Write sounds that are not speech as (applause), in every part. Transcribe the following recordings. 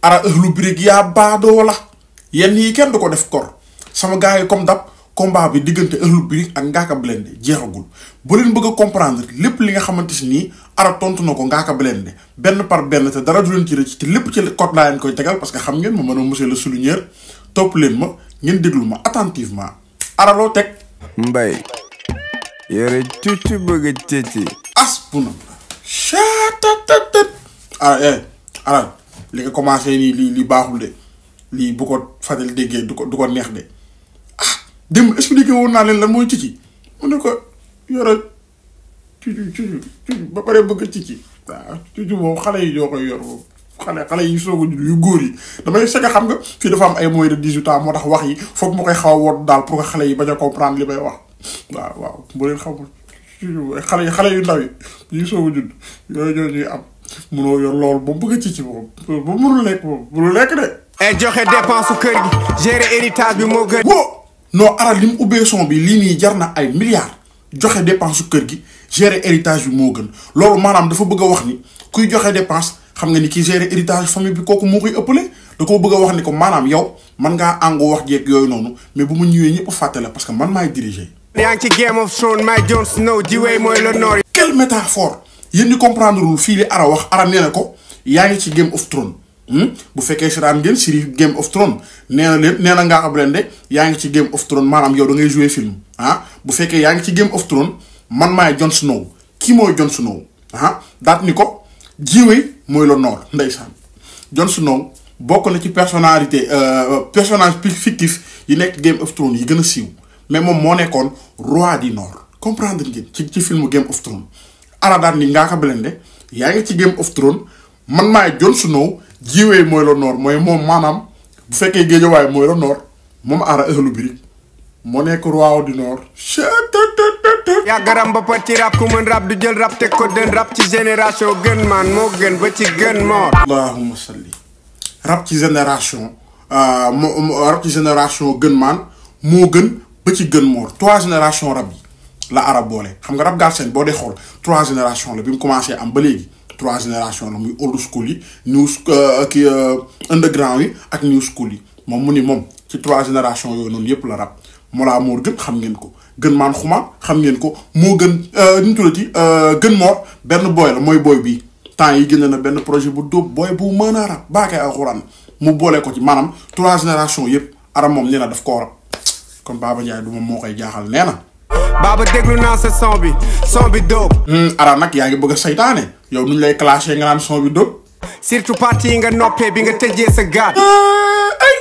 ara ehlu birig ya la yenn yi kenn du ko def kor sama gars yi comme dab combat bi diggante ehlu birig ak ngaaka blende jeexagul bu leen bëgg a comprendre lépp li nga xamante si nii ara tontu na ko ngaaka blende benn par benn te dara du leen ci rëcc te lépp ci code laa leen koy tegal parce que xam ngeen ma mënoo monsieur le souligneur topp leen ma ngeen déglu ma attentivement ara loo teg mbay yore tuuti bëgg tëti as bu na shaatatat ara eh ara li nga commencé nii lii lii baaxul de lii bu ko Fadel déggee du ko du ko neex de ah dem expliqué woon naa leen lan mooy cici mu ne ko yore cucu cucu cucu ba pare bëgg cici waaw cucu boobu xale yi ñoo koy yor boobu xale xale yi soog a juddu yu góor yi damay sega xam nga fii dafa am ay mooy de dix-huit ans moo tax wax yi foog ma koy xaw a woon daal pour que xale yi bañ a comprendre li may wax waaw waaw bu leen xamul cucu xale yi xale yu ndaw yi ñu soog a judd yooyu ñoo am. munoo yor loolu ba mu bëgg a ci ci moom ba mu lekk moom munul lekk de. et joxe dépense su kër gi gérer bi moo gën. wóo non aral li mu ubbee son bi lii nii jar na ay milliards joxe dépense su kër gi gérer héritage bi moo gën loolu maanaam dafa bëgg wax ni kuy joxe dépense xam nga ni ki gérer héritage famille bi kooku moo koy ëppale. koo bëgg wax ni ko maanaam yow man ngaa àngu wax yooyu noonu mais bu ma ñëwee ñëpp fàtte parce que man maay diriger. yaa ngi ci Game of Thrones maay Jon Snow jiwee mooy le nord. quelle métaphore yéen ñu comprendre lul fii li Ara wax Ara nee na ko yaa ngi ci Game of throne hmm? bu fekkee siraan ngeen série Game of throne. nee na lépp nee na ngaa ab de yaa ngi ci Game of throne. maanaam yow da ngay jouer film ah bu fekkee yaa ngi ci Game of throne. man maay Jon Snow kii mooy Jon Snow ah daat ni ko jiwe mooy la noor ndeysaan Jon Snow bokk na ci personnalité euh, personnage fictif yi nekk Game of throne. yi gën a siiw mais moom moo nekkoon roi du nord comprendre ngeen ci ci film Game of throne. aradaan ni ngaa ko Blindé yaa ngi ci Game of Thrones man maay Jon Snow jiwee mooy la noor mooy moom maanaam bu fekkee géejawaay mooy la noor moom aara ëxlu birig moo nekk roi du nord yàggaram ba pat ci rab ku mën rab du jël rab teg ko dën rab ci génération gën maan moo gën ba ci gën moor génération euh, mo génération gën moo gën ci gën moor trois génération rab yi la arab boole xam nga rap Galsen boo dee xool trois générations la bi mu commencé am ba léegi trois générations la muy old school yi new euh, ki euh, underground yi ak new school yi moom mu ni moom ci trois générations yooyu noonu yëpp la rap Mollah Morgun gën xam ngeen ko gën maan xuma xam ngeen ko moo gën euh, nu ñu tuddati gën moor benn booy la mooy booy bi temps yi génn na benn projet bu dóob booy bu mën a rap baakee alxuraan mu boole ko ci maanaam trois générations yëpp arab moom nee na daf ko rap kon Baba Ndiaye du moom moo koy jaaxal nee na. baaba déglu naa sa son bi son bi dóob. Hmm, ara nag yaa ngi bëgg a saytaane yow nuñ lay clashé nga naan son bi dóob. surtout parti yi nga noppee bi nga tëjee sa gaat. ay eh,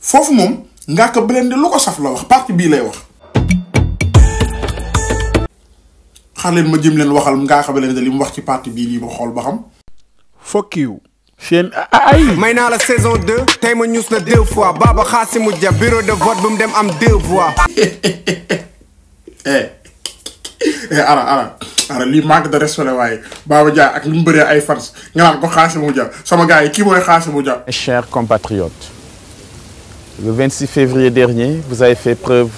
foofu moom ngaa ko blende lu la wax parti bii lay wax. xaar leen ma jëm leen waxal ngaa ko blende li mu wax ci parti bii lii ma xool ba xam. fuck you. ay. may naa la saison 2 tey ma ñuus la deux fois Baba Xaasimu Ja bureau de vote bu mu dem am deux voix. (laughs) Eh. eh ara ara ara li manque de respect way Baba Dia ak li mu ay fans nga nan ko Khassimou Dia sama gaay ki kii mooy Khassimou Dia. chers compatriotes, le 26 février dernier vous avez fait preuve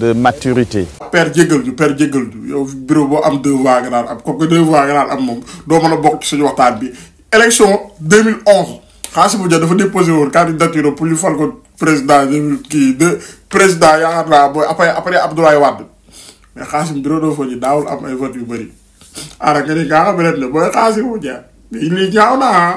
de maturité. père jéggal du père jéggal du yow bureau bo am deux voix nga naan am comme deux voix nga am mom do meuna a bokk ci suñu waxtan bi. élection 2011 Khassimou Dia dafa déposer woon candidature pour lui fal ko président kii de président yaakaar la boy après après Abdoulaye Wade. mais Xaasim bureau de daawul am ay yu bëri ara nga ni gaa xam ne booy Xaasim jaaw naa ah.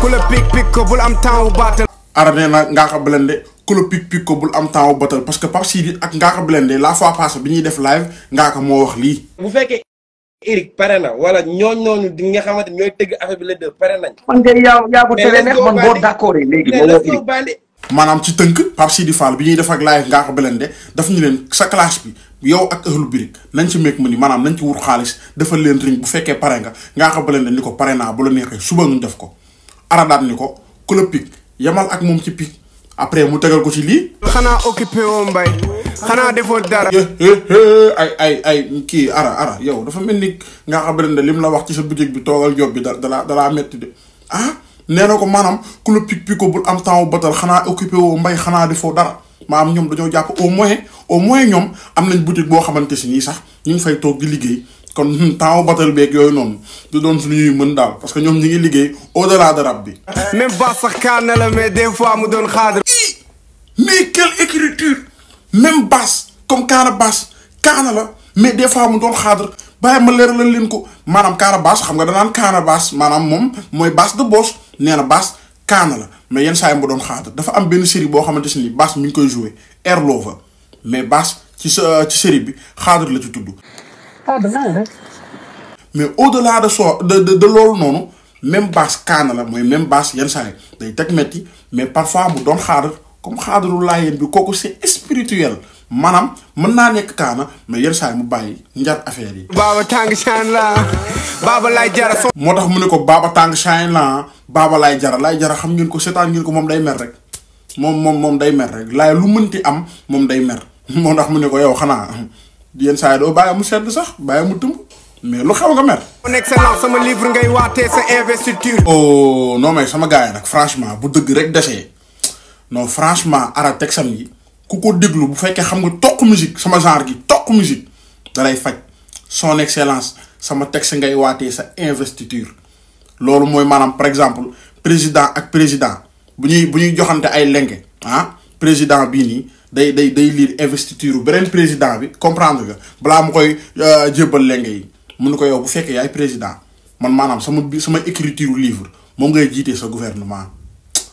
ku la pik pik ko bul am temps wu baatal na ngaa xam ne ku la pik pik ko bul am temps wu baatal parce que Pape Sidi ak ngaa xam ne la fois passée bi ñuy def live ngaa ko moo wax lii bu fekkee Eric pare na wala ñooñ noonu di nga xamante ñooy tëgg affaire bi la dë pare nañ man kay yaa yaa ko tere neex man boo d'accord léegi maanaam ci tënk Pape Sidi Fall bi ñuy def ak live ngaa ko belende daf ñu leen sa classe bi yow ak ahlu birik nañ si meeg ma ni maanaam nañ ci wut xaalis defal leen ring bu fekkee pare nga ngaa xam baleen dañ ni ko pare naa bu la neexee suba ñu def ko aradaat ni ko ku la pig yamal ak moom ci pig après mu tegal ko ci lii xanaa occupé woo mbay xanaa defoo dara eh, eh, eh, ay ay kii ara ara yow dafa mel ni ngaa xam baleen da lim la wax ci sa bitig bi toogal job bi da dalaa dalaa metti de ah, nee ko maanaam ku la ko bul am temps wu batal xanaa occupé woo mbay xanaa defoo dara maanaam ñoom dañoo jàpp au moins au moins ñoom am nañ boutique boo xamante si nii sax ñu ngi fay toog di liggéey kon temps batal beek yooyu noonu du doon suñuy mën daal parce que ñoom ñu ngi liggéey au delà de rab bi. même ba sax kaana la mais des fois mu doon xaadar. mais quelle écriture même basse comme kaana basse kaana la mais des fois mu doon xaadar bàyyi ma leeralal leen ko maanaam kaana basse xam nga danaan kaana basse maanaam moom mooy basse de boos nee na basse kaana la. mais yenn saa yi ma doon xaar dafa am benn série boo xamante ne nii Bass mi ngi koy joué air lover mais Bass ci sa ci série bi xaadar la ci tudd. ah hein. mais au delà de so de de loolu noonu même Bass kaana la mooy même Bass yenn saa yi day teg metti mais parfois mu doon xaadar comme xaadaru laayeen bi kooku c'est spirituel. maanaam mën naa nekk kaana mais yenn saa yi mu bàyyi njar affaire yi. baaba tàng chaine la baaba lay jara. moo tax mu ne ko baaba tàng chaine la baaba lay jara lay jara xam ngeen ko seetaan ngeen ko moom day mer rek moom moom moom day mer rek laay lu mënti am moom day mer (laughs) moo tax mu ne ko yow xanaa yenn saa yi doo bàyyi mu sedd sax bàyyi mu tëmb. mais lu xew nga mer. mon excellence sama livre ngay waatee sa investiture. oh noo mais sama gars yi nag franchement bu dëgg rek desee non franchement ara texam yi. ku ko déglu bu fekkee xam nga toq musique sama genre gi toq musique dalay faj son excellence sama texte ngay waatee sa investiture loolu mooy maanaam par exemple président ak président bu ñuy bu ñuy joxante ay lenge ah président bii nii day day day lire investiture beneen président bi comprendre nga balaa mu koy euh, jébbal lenge yi mun ko yow bu fekkee yaay président man maanaam sama bi sama écriture livre moom ngay jiitee sa gouvernement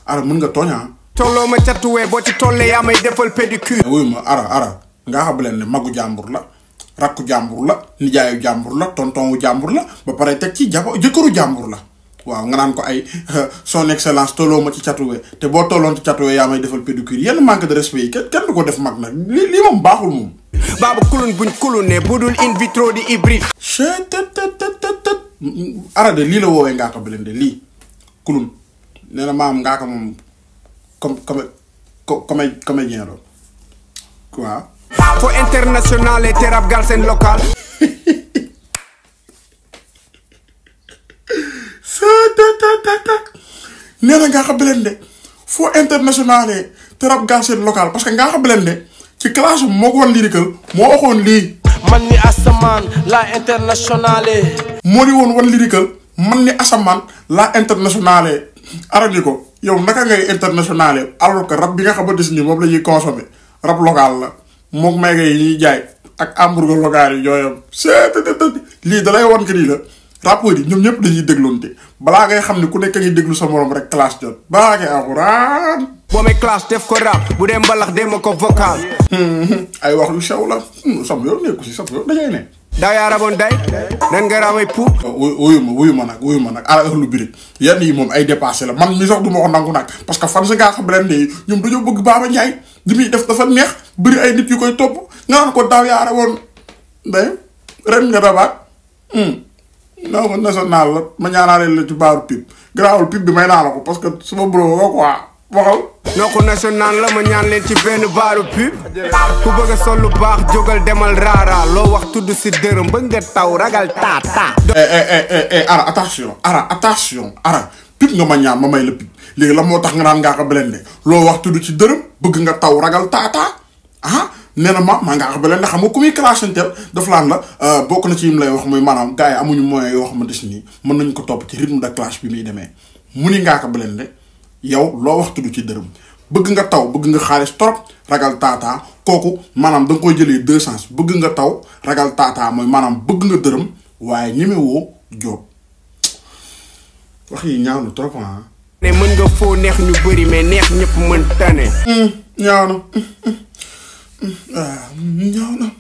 alors mun nga tooñaa ah? tolloo ma catuwee boo ci tollee yaa may defal pédicure. wuyu ma ara ara nga xam leen ne magu jàmbur la rakku jàmbur la nijaayu jàmbur la tonton wu jàmbur la ba pare teg ci jaba jëkkëru jàmbur la waaw nga naan ko ay (laughs) son excellence tolloo ma ci catuwee te boo tolloon ci catuwee yaa may defal pédicure yenn manque de respect yi kenn kenn du ko def mag nag li lii moom baaxul moom. baaba kulun buñ kulunee budul in vitro di hybride. chut ara de lii la woowee ngaa ko bële de lii kulun nee na comme comme comédien la waaw. fo international local. foo international terap gal local parce que ngaa xam leen de ci classe moo ko woon lirikal moo waxoon lii. man ni asamaan la internationale. moo di woon wan lirikal man ni asamaan la internationale. arandi ko yow naka ngay internationale alors que rab bi nga xamante si nii moom la ñuy consommé rab local la moom may ngay ñuy jaay ak hamburger local yi yooyu seetlu lii da lay wan que ni la rappeurs yi ñoom ñëpp dañuy dégloonte balaa ngay xam ne ku nekk ngi déglu sa morom rek classe jot balaa ngay alxuraan. boome classe def ko rap bu dee mbalax dee ko vocal. Hmm, hmm, hmm. ay wax lu sew la sama yoon nekku si sama yoon dajay ne. daaw yaa raboon day nan nga raamay pou wuyu ma nag wuyu ma nag ala ahlu birik yenn yi moom ay dépassé la man mi sax du ma ko nangu nag parce que fan sa ngaa xam ren nii ñoom dañoo bëgg Baba Ndiaye li muy def dafa neex bëri ay nit yu koy topp nga xam ko daaw yaa raboon day ren nga rabaat hmm, non national la ma ñaanaalee la ci baaru pip garaawul pip bi may naa la ko parce que suma bro ko quoi waxal nokku national la ma ñaan leen ci benn baaru pub ku bëgg sol lu baax jógal demal raara loo wax tudd si dërëm bëgg nga taw ragal taataa eh, eh, eh, ara attention ara attention ara pub nga ma ñaan ma may la pub léegi la moo tax nga naan ngaa ko belende loo wax tudd ci dërëm bëgg nga taw ragal taataa ah nee na ma maa ngaa ko belende xam nga ku muy clashanteel daf laan la euh, bokk na ci yim lay wax muy maanaam gars yi amuñu moyen yoo xamante si nii mën nañ ko topp ci rythme de clash bi muy demee mu ni ngaa ko belende yow loo wax tudd ci dërëm bëgg nga taw bëgg nga xaalis trop ragal taataa kooku maanaam danga nga koy jëlee deux sens bëgg nga taw ragal taataa mooy maanaam bëgg nga dërëm waaye ñemewoo jóob wax yi ñaaw na trop ah. ne mën nga foo neex ñu bëri mais neex ñëpp mën tane. Hmm, ñaaw na. Hmm, hmm, ah,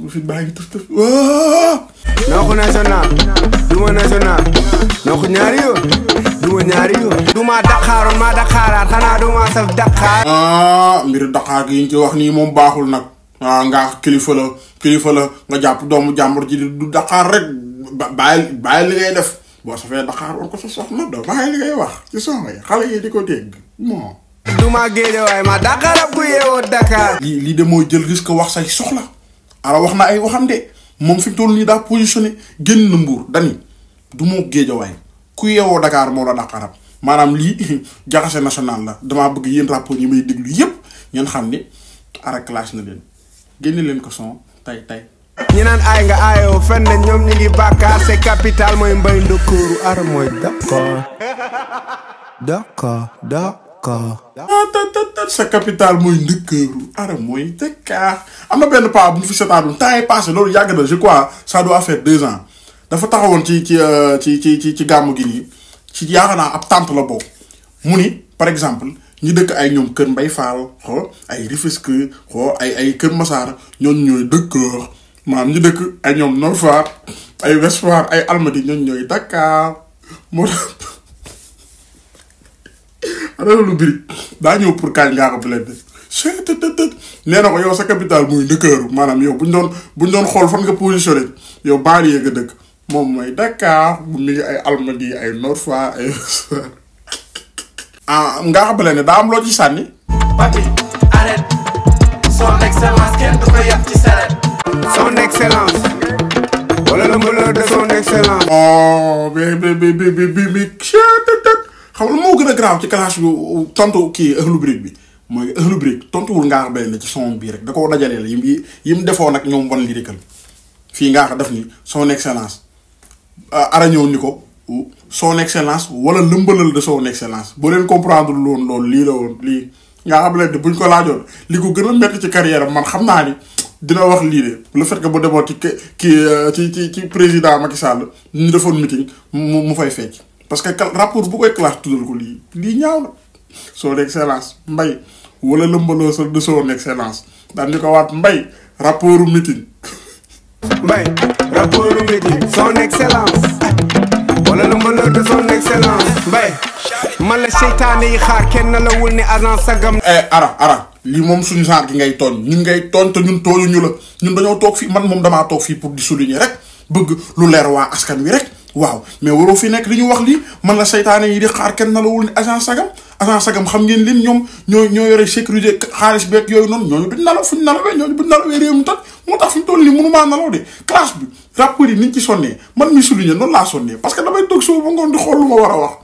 suñu fi bàyyi tëf tëf noo national duma national noo ñaari yo Dua ñaari yo duma dakaaroon maa dakaaraat xanaa duma saf dakaar ah mbir Dakar gini, ñu ci wax nii moom baaxul nag ah nga kilifa la kilifa la nga jàpp doomu jàmbur ji du Dakar. rek bàyyi bàyyi li ngay def boo safee dakaar woon ko sa soxna doo bàyyi li ngay wax ci soxna yi xale yi duma géeje waaye ma dakar aku ya yeewoo dakar lii lii de mooy jël risque wax say soxla Ara waxna ay waxam de mom fi tol ni da daa genn na mbour dani du moo way ku yeewoo Dakar mo la dàq manam li lii (laughs) jaxase national la dama bëgg yeen rapport yi may déglu yépp ñen xam ara clash na leen genn leen ko son tay tay ñi nan ay nga ayo fenn ñom ñi ngi bakkar c'est capital moy mbay ndokkooru ara moy (laughs) d'accord d'accord d'accord Dakar. sa capital mooy ndëkkëru ara mooy Dakar am na benn bu fi seetaanoon temps passé loolu yàgg na je crois ça doit faire deux ans dafa taxawoon ci ci euh, ci ci ci gi ci ab tante la par exemple ñu dëkk ay ñoom kër Mbay Faal xo ay Rufisque xo ay ay kër Masaar ñoon ñoy dëkk maam ñi dëkk ay ñoom norfa ay Ouest ay almadi ñoon ñoy Dakar mo lu birik daa purkan pour kañ ngaa ko blende nee na ko yow sa capital muy ndëkkëru maanaam yow buñ doon buñ doon xool fan nga positionné yow baali yee nga dëkk moom mooy dakar bu mi ay almadi ay norfa ay ah nga xam ne daa am loo ci sànni papi arrête son excellence kenn du ko yab ci saret son excellence wala le malheur de son excellence oh bi bi bi bi xam nga moo gën a garaaw ci classe yu tontu kii ahlu brick bi mooy ahlu brick tontuwul Ngaaka Blindé la ci son bii rek da koo dajaleel yim yi yim defoon ak ñoom wan lirikal fii Ngaaka def ni son excellence euh, ara ñëw ni ko son excellence wala lëmbalal de son excellence boo leen comprendre loon loolu lii la woon lii Ngaaka Blindé buñ ko laajoon li ko gën a métti ci carrière man xam naa ni dina wax lii de le fait que bu demoon ci euh, ci ci président Macky Sall ñu defoon meeting mu mu fay fecc parce que rapport bu koy classe tudal ko li li ñaaw na son excellence mbay wala lëmbaloo sa de son excellence dal ni ko wat mbay rapport meeting mbay rapport meeting son excellence wala lëmbaloo de son excellence mbay man la seytaane yi xaar kenn la wul ni agent sagam eh ara ara li mom suñu sar gi ngay ton ñun ngay ton te ñun toñu ñu la ñun dañoo tok fi man mom dama tok fi pour di souligner rek bëgg lu leer wa askan wi rek waaw mais waroo fi nekk li ñu wax lii man la saytaane yi di xaar kenn nalawul ne agent sagam agent sagam xam ngeen lim ñoom ñoo ñoo yore sécurité xaalis beeg yooyu noonu ñooñu duñ nalaw fuñ nalawee ñooñu buñ nalawee réew mi toj moo tax fi mu toll nii man mi souligné noonu laa sonnee parce que damay toog suba ba ngoon di xool lu ma war a wax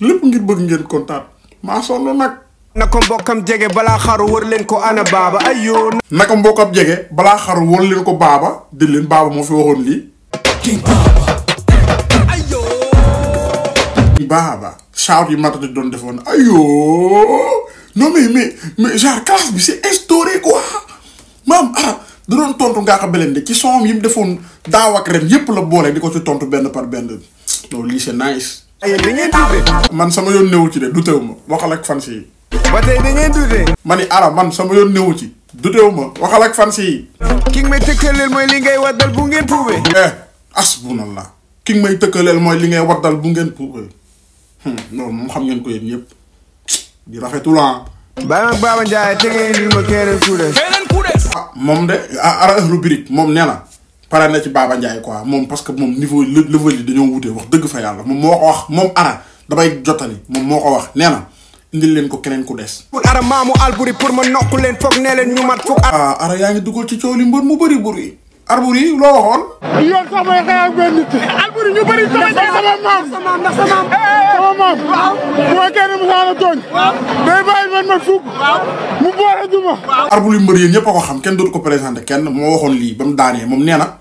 lépp ngir bëgg ngeen kontaan maa sonn nag. naka jege balaa xaru wër leen ko ana baaba ayoo. naka mbokkam jege balaa xaru wër leen ko baaba di leen baaba moo fi waxoon lii. bu baax a baax shout yi Mata doon defoon ayoo non mais mais mais genre classe bi si instauré quoi maam arab ah, da doon tontu ngaa ko de ci son yi mu defoon daaw ak ren yëpp la boolee di ko ci tontu benn par benn non lii c'est nice. man sama yoon newu ci de dutewu ma waxal ak fans yi. ba tey da ni arab man sama yoon newu ci. dutewu ma waxal ak fans yi. ki nga may tëkkaleel mooy li ngay waddal bu ngeen puubee. eh asbunallah ki nga may tëkkaleel mooy li ngay dal bu ngeen puubee. Hmm, loolu moom xam ngeen ko yéen yëpp di rafetul ah. bàyyi ma Baba Ndiaye te ngeen indil ma keneen kuudes. keneen moom de ara ah, ah, ëxlu birik moom nee na pare na ci Baba Ndiaye quoi moom parce que moom niveau level yi dañoo wutee wax dëgg fa yàlla moom moo ko wax moom ara damay jottali moom moo ko wax nee na indil leen ko keneen ku des. pour ara maamu alburi pour ma nokku leen foog nee leen ñu mat foog. Ah, ara yaa ngi dugal ci coow li mbër mu bëri buri Alboury loo waxoon. yoon sax may xëy ak benn nit. Alboury ñu bëri sama ndax maam ndax maam. mu ma ñëpp ko xam kenn dootu ko kenn moo waxoon lii ba mu daanee nee na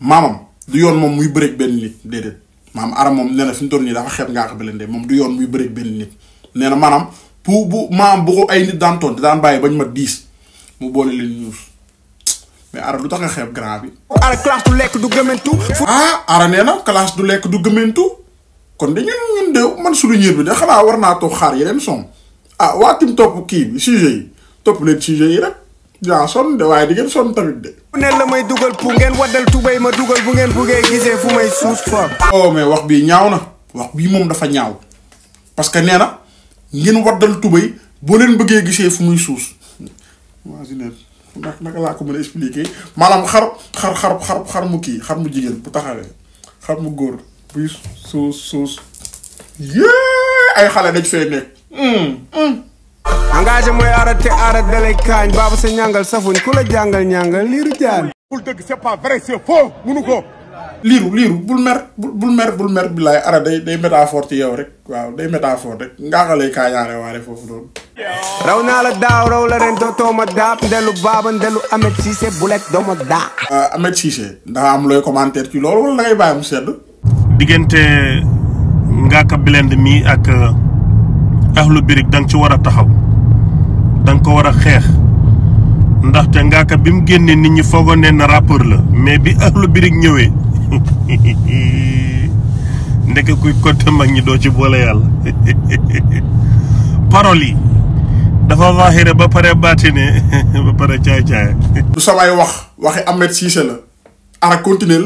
maamam du yoon moom muy bëreeg benn nit déedéet maam moom nee na fi mu toll nii dafa xeeb ngaa moom du yoon muy bëreeg benn nit nee bu maam ay nit daan daan bàyyi bañ ma diis mu boole leen ñuus mais ara lutax nga xeb grand bi ara classe du lek du geumentu ah ara neena classe du lek du geumentu kon de ñun de man suñu ñeer bi de xala war na tok xaar yeneen ya son ah wa tim top ki bi sujet yi top leen sujet yi rek ja son de waye di ngeen son tamit de ne la may duggal pu ngeen wadal tubay ma duggal bu ngeen bëggee gisee fu may suus fa oh mais wax bi ñaaw na wax bi moom dafa ñaaw parce que neena ngeen wadal tubay bo leen bëggee gisee fu muy suus imaginaire ndax naka laa ko mën a expliquer maanaam xar xar xar xar mu kii xar mu jigéen bu taxawee xar mu góor buy suus suus yee ay xale dañ fee nekk. Hmm, hmm. engagé mooy arrêté arrêté dalay kaañ baaba sa ñàngal safuñ ku la jàngal ñàngal liiru jaan. bul dëgg c'est pas vrai c'est faux munu ko. liiru liiru bul mer bul mer bul mer billaay ara day day métaphore ci yow rek waaw day métaphore rek ngaa xale kaa ñaare waare foofu noonu. raw naa la daaw raw la ren dootoo ma daab ndelu baaba ndelu Ahmed Cissé bu lekk doo ma daa. Ah, Ahmed am looy commentaire ci loolu wala dangay bàyyi mu sedd. diggante Ngaaka Blindé mi ak eh, Akhlou birig da nga ci war a taxaw da ko war a xeex. ndaxte Ngaaka bi mu génnee nit ñi foogoon ne na rappeur la mais bi Akhlou Brick ñëwee (laughs) ndeke kuy compter mag ñi doo ci boole yàlla (laughs) paroles yi dafa waaxire ba pare baatine (laughs) ba pare caay-caay. du samay wax waxi Ahmed Cissé la ara continuer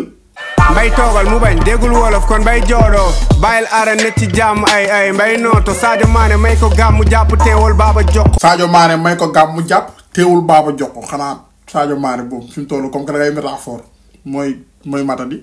mbay toogal mu bañ déggul wolof kon bay joodoo bàyyil aara ne ci jàmm ay ay mbay nooto Sadio Mané may ko gàmm jàpp teewul baaba jokk. Sadio Mané may ko gàmm jàpp teewul baaba jokk xanaa Sadio Mané boobu fi mu comme que dangay métaphore mooy mooy matadi.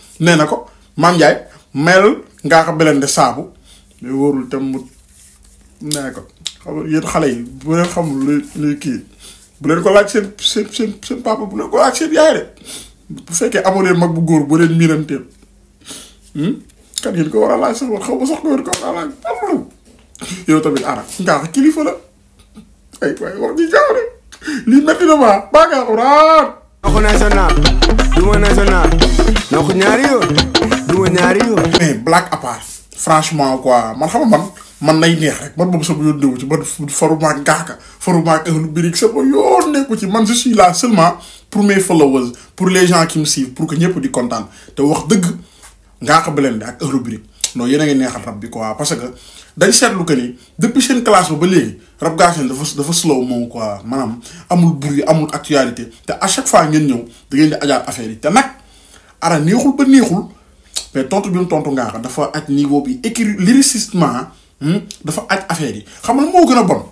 nee na ko maam Ndiaye mel ngaa xam belende saabu mais wóorul tam ko xam yéen xale yi bu leen xamul luy kii bu leen ko laaj seen seen seen bu leen ko laaj seen yaay de bu fekkee amoo mag bu góor bu leen miinanteel hmm? kan ngeen ko war a laaj sax war xaw ma sax ko war ko war a laaj yow tamit ara ngaa xam kilifa la ay waaye wax ji jaaw de lii metti na ma baa ngaa xuraan duma national noo ko ñaari yoon duma ñaari yoon. mais blague à part franchement quoi man xam man man nay neex rek man moom sama yoon newu ci man faruma ak ngaaka faruma ak ahlu birik sama yoon nekku ci man je suis là seulement pour mes pour les gens qui me pour que ñëpp di kontaan te wax dëgg ngaaka Blindé ak ahlu birik non yéen a ngi neexal rab bi quoi parce que dañ seetlu que ni depuis seen classe ba ba léegi rab gaaseen dafa dafa slow moom quoi maanaam amul bruit amul actualité te à chaque fois ngeen ñëw da ngeen di ajaat affaire yi te nag ara neexul ba neexul mais tontu bi mu tontu ngaa dafa aj niveau bi écrit lyricitement hmm, dafa aj affaire yi xam nga moo gën a bon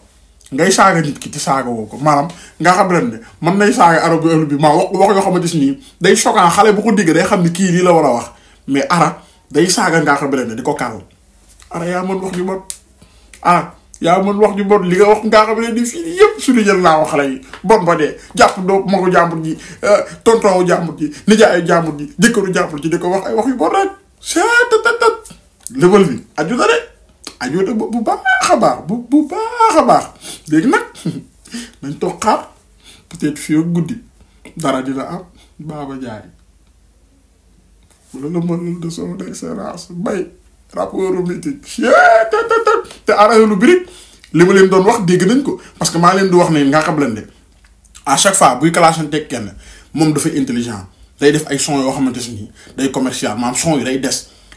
ngay saaga nit ki te saaga woo ko maanaam nga xam ren ne mën nay saaga arabe bi ma wax wax yoo xamante ni day choquant xale bu ko digg day xam ni kii lii la war a wax mais ara. day saga nga xam benen diko kàll ara ya mën wax ju mot ah ya mën wax ju mot li nga wax xam benen di fii yep suñu jël la wax lay bon bo de japp do mako jàmbur ji euh, tonton jàmbur ji ay jàmbur ji jëkkëru jàmbur ji diko wax ay wax yu bon rek ta level bi aju da rek aju da bu ba ba bu bu ba a baax nak (laughs) nañ toog xaar peut-être fi ak guddi dara dina am baba jaari lu la mënul de son excellence bay rapport mythique te arrêté lu birig li ma leen doon wax dégg nañ ko parce que maa leen du wax ne nga xam de à chaque fois buy kalaasanteeg kenn moom dafay intelligent day def ay son yoo xamante ni day commercial maanaam son yi day des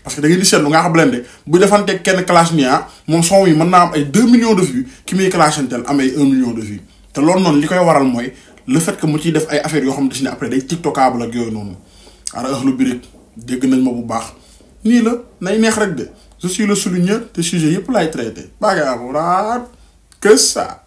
parce que da ngeen di seetlu nga xam de bu defanteeg kenn clash nii ah moom son yi mën naa am ay 2 millions de vues ki muy kalaasanteel am ay 1 million de vues te loolu noonu li koy waral mooy le fait que mu ciy def ay affaire yoo xamante ni après day tiktokable ak yooyu noonu ara ëxlu birig dégg nañ ma bu baax nii la nay neex rek de je suis le souligneur te sujet yëpp laay traité. bagarre que ça.